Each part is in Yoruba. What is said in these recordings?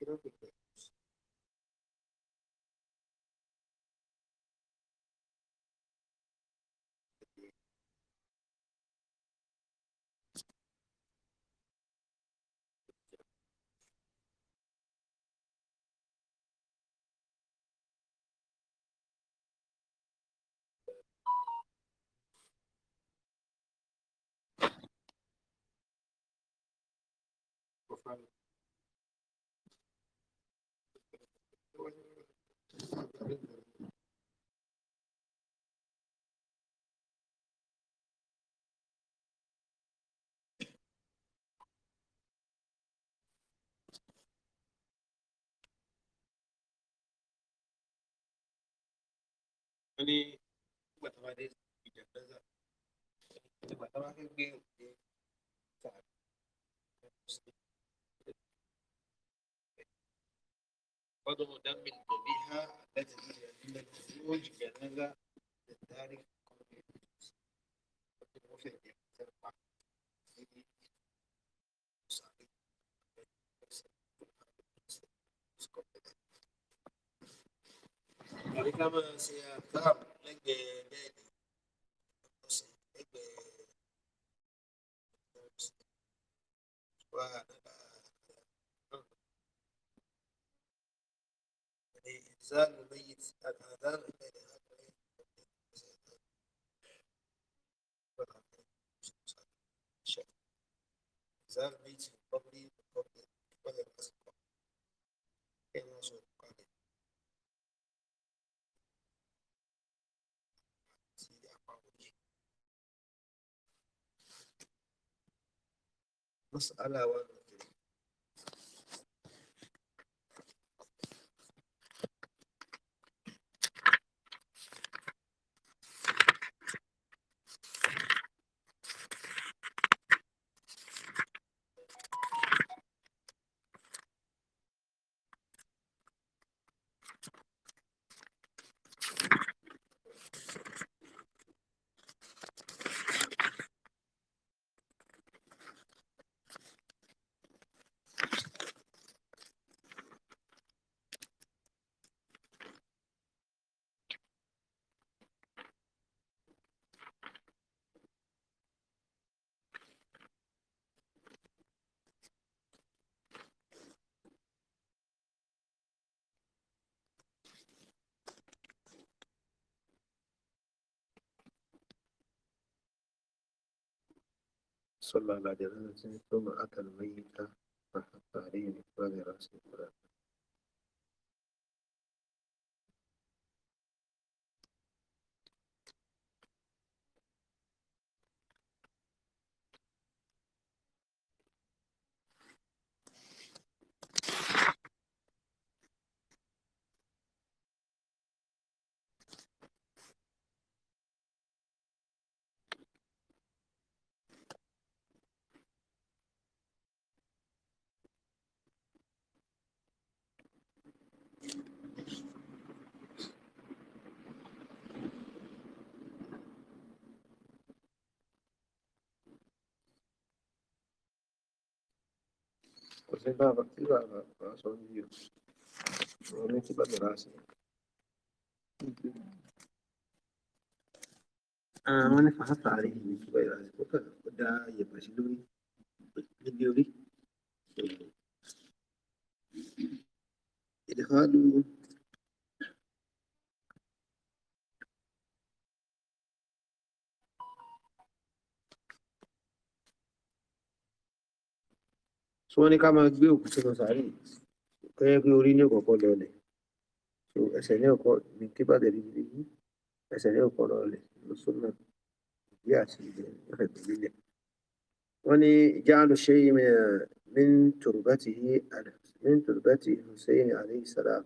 y Ini buat apa deh? Tidak ada. Buat وقدر دم بها التي هي عند الخروج جنازة للتارك Jadi kami siap tahap يعني الميت الآذان إليها الميت في القبر من قبل قبل الناس كما سوى القادم مسألة وأنا صلى بعد ذلك ثم أتى الميت فحط عليه من رأسه ṣe bàbá tí bàbá bàbá sọ ní yìí ọ̀rọ̀ mi tí bàbá rà sí. wọ́n ní fàáfàá rí ìlú tí wọ́n ní ká máa gbé òkú sínú sàárì kẹ́yẹ́ pé orí ní òkọ̀kọ́ lọlẹ̀ so ẹsẹ̀ ní ọkọ̀ ní kébàdẹ̀ ní ilé yìí ẹsẹ̀ ní ọkọ̀ lọlẹ̀ lọ́sọ́nà ìgbé àti ìgbẹ́ ọ̀fẹ̀gbẹ̀ lílẹ̀ wọ́n ní jáàlù ṣẹ́yìn من تربته من تربته حسين عليه السلام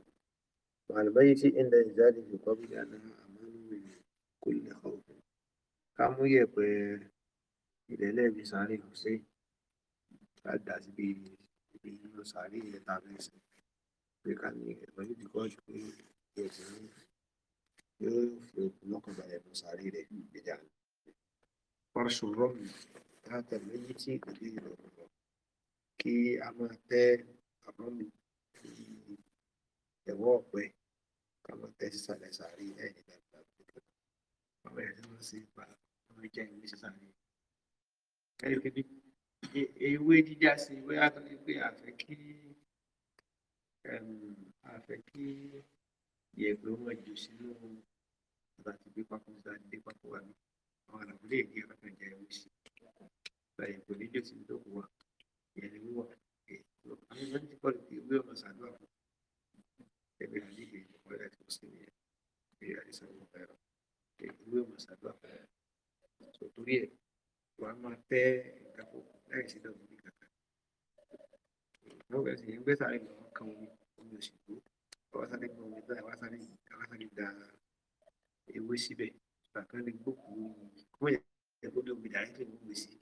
مع الميت عند إنزاله في قبر أنها أمان من كل خوف كم يبقى إلى لابس عليه حسين dá síbi ibi nínú sàárè yẹn tá a fẹ́ sìn pé ká ní ẹ̀gbọ́n yóò dìkọ́ ju pé yóò ti ní yóò fi òkú lọ́kàn balẹ̀ nínú sàárè rẹ̀ gbèjà. Fọ́ṣù rọ́ọ̀mù láti méjì tí ìdílé ìrọ̀rùn lọ kí a máa tẹ́ àbọ̀mù ẹ̀wọ́ ọ̀pẹ ká máa tẹ́ sísàlẹ̀ sàárè ẹ̀yìn dàgbà. Àwọn ẹ̀rọ ṣe ń pa ọmọ ìjà ìwé sísàlẹ̀. Kẹ́yọ̀kẹ́ bí ewé dídá sí bóyá tó ní pé àfẹ́ kí àfẹ́ kí yẹ̀pẹ̀ wọ́n jù sínú àti bí pápá ń dé pápá wa ní àwọn àlàbò lè gé ọ̀rọ̀ kan jẹ ewé sí báyìí kò ní jò sí ní tókù wa ìyẹn ni wíwà àwọn ọmọ ti kọ́ lè wí ọmọ sàdúrà fún ẹgbẹ́ àdìgbè ìjọba ẹ̀ tó sì ní ẹgbẹ́ àdìsàn ọmọ ẹ̀rọ ìwé ọmọ sàdúrà fún ẹ̀ sọ torí ẹ̀ wàá máa tẹ́ ìdáfọ́ láì sí lọ́wọ́ ní kankan wọ́n bẹ̀rẹ̀ sí ní gbé sáré lọ kan omi omi òṣèlú ọwọ́ sáré gbọ́ omi náà wọ́n sáré wọ́n sáré da ewé síbẹ̀ bàtà lè gbókù omi kó yẹ kó lè omi dàrí lè mú omi sí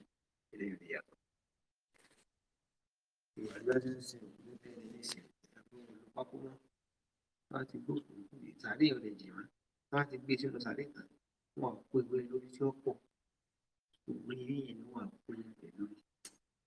ilé ìrìn yàtọ̀ ìwà lọ́jọ́ sí òkú ní bẹ́ẹ̀ ní ìsìn ìyàgbọ́n olùpápó náà wọ́n ti gbókù ìtàrí ọ̀rẹ́ jì wọ́n wọ́n ti gbé sínú sáré kan wọn kó ewé lórí tí ó pọ̀ òwe yìí ni wọn kó ewé lórí.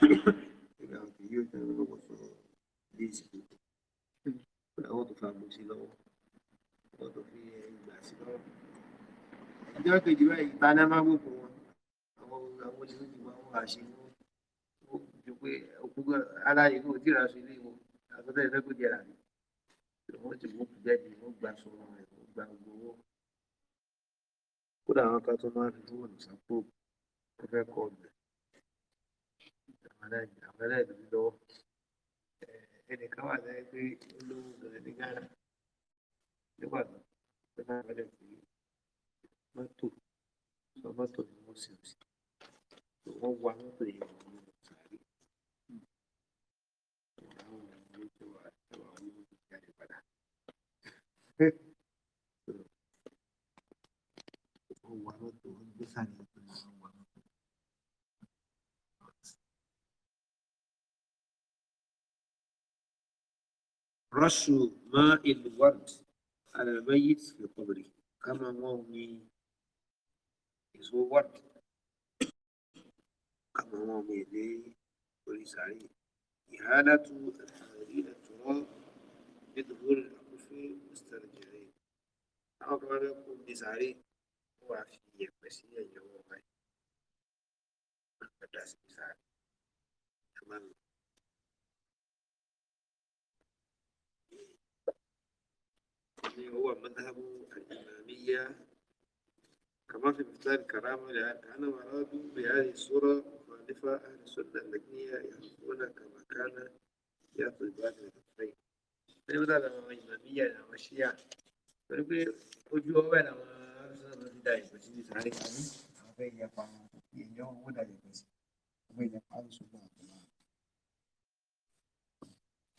figure out the youth and look for these people. Àwọn tó fa àbòsí lọ́wọ́, àwọn tó fi ìgbà sí lọ́wọ́. Ìjọ kejì báyìí, ìtaná máa gbogbo wọn. Àwọn àwọn olè ni. Wọ́n ti mú jáde, wọ́n gba aṣọ wọn, wọ́n gba gbogbo owó. Kódà àwọn kan tó máa ń àwọn ẹlẹ́dùn lọ́wọ́ ẹnìkan wà lẹ́yìn pé olówó gan ní Ghana nígbà tó tó náà wọlé pé mọ́tò sọ mọ́tò ni wọ́n sì sí wọ́n wá mọ́tò yẹn wọ́n mú lọ sáré àwọn ọmọ ìlú tó wà tó wà رش ماء الورد على الميت في قبره كما مومي اسمه ورد كما مومي ليه وليس عليه إهانة التنزيل التراب بظهور الأكف مسترجعين أمركم بزعري وعفية مسيا يوم غير أنت قداس بزعري الذي هو مذهب الإمامية كما في مفتاح الكرامة لأن لأنهم أرادوا بهذه الصورة مخالفة أهل السنة اللجنية يحكمون كما كان يأخذ بعد الحسنين فلماذا لا إمامية لا الشيعة فنقول وجوه وين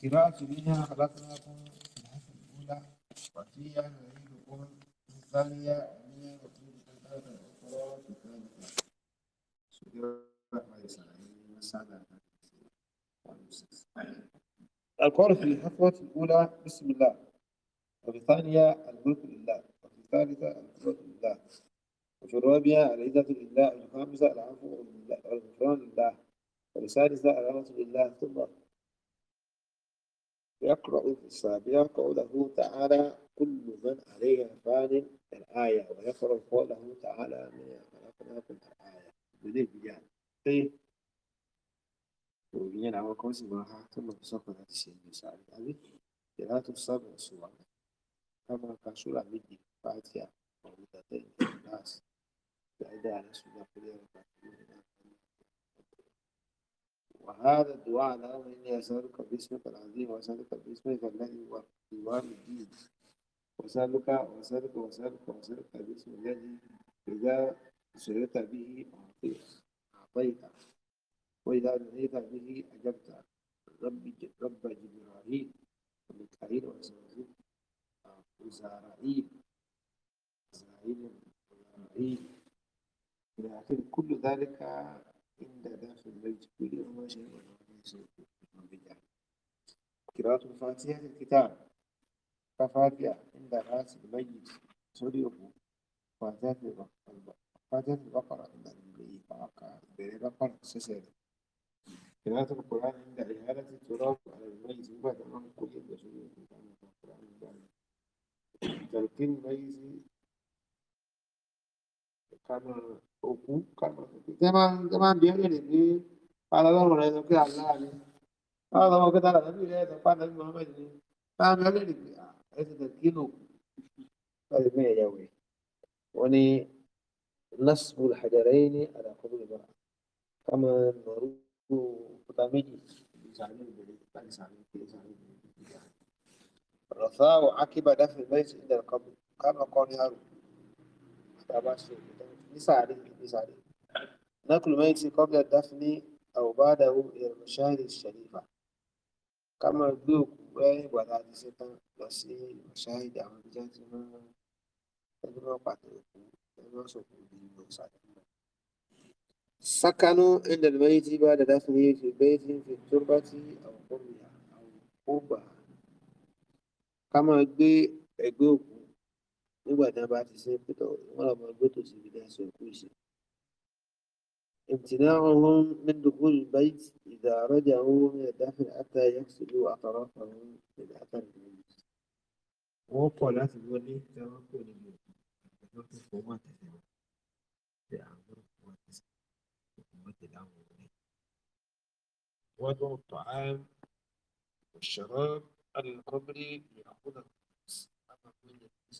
قراءة منها خلقناكم في الحلقة الأولى وفيها نعيدكم في الثانية مية ونعيدكم تارة أخرى في الثالثة القول في الحفرة الأولى بسم الله وفي الثانية الملك لله وفي الثالثة القوة لله وفي الرابعة العزة لله وفي الخامسة العفو والغفران لله وفي السادسة العظمة لله ثم يقرأ في الصلاة يقرأ له تعالى كل من عليها فان الآية ويقرأ قوله تعالى من خلقناكم الآية بدين بيان طيب وبيان على كوز معها ثم تسقط هذا الشيء يساعد عليه لا تصاب الصور كما كشور بدي فاتيا ومدتين الناس بعد أن سمع كل وهذا الدعاء اللهم إني أسألك باسمك العظيم وأسألك باسمك الذي هو قوام الدين وأسألك وأسألك وأسألك وأسألك باسم الذي إذا سرت به أعطيته وإذا نهيت به أجبته رب رب جبرائيل وميكائيل وإسرائيل وزارائيل إسرائيل وزارائيل إلى آخره كل ذلك إن داخل البيت كل وما شيء وليس قراءة فاتحة الكتاب كفاتحة عند رأس البيت صدره فاتحة فاتحة البقرة عند الميت فاقع بين البقرة سسد قراءة القرآن عند إهالة التراب على الميت بعد أن قيد صدره تلقين الميت kàmọ òkú kàmọ tẹ máa tẹ máa bí ẹlẹrìí pé alọlọrun rẹ sọ pé aláà ni báwo lọmọ pé tààlà lọbí rẹ sọ pé àtàbí mohammed ni báwo bí ẹlẹrìí pé ẹsẹ tẹ kí ló kù. báyìí bí ẹ̀yà wẹ̀ wọ́n ní nasbu alhajarayni ala qabul bara kàmọ nọrú òkúta méjì. رثاء عقب دفن الميت عند القبر كما قال هارون تباشر لسعره بسعره نقل الميت قبل الدفن أو بعده إلى المشاهد الشريفة كما يقول لك ولا تستطيع بس مشاهد أو رجال زمان تجمع بعد سكنوا عند الميت بعد دفنه في بيت في التربة أو قرية أو قربة كما يقول لك nígbà tí wọ́n bá ti ṣe pẹ̀tọ̀ wọ́n làwọn ọgbẹ́ tó sì fi dá sí òkú ìṣe. امتناعهم من دخول البيت إذا رجعوا من الداخل حتى يغسلوا أطرافهم من أثر المجلس. wọ́n kọ̀ láti wọlé tí wọ́n kò nínú ìgbàgbọ́ tó fọwọ́ àtẹ̀lẹ́wọ̀n tí àwọn fọwọ́ àtẹ̀lẹ́wọ̀n وضع الطعام والشراب على القبر ليأخذه الناس أما من الناس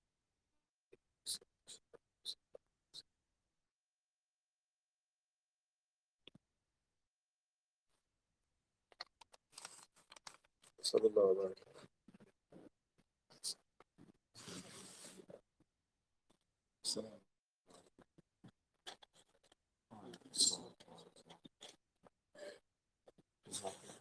sallallahu alaihi wasallam. Thank you.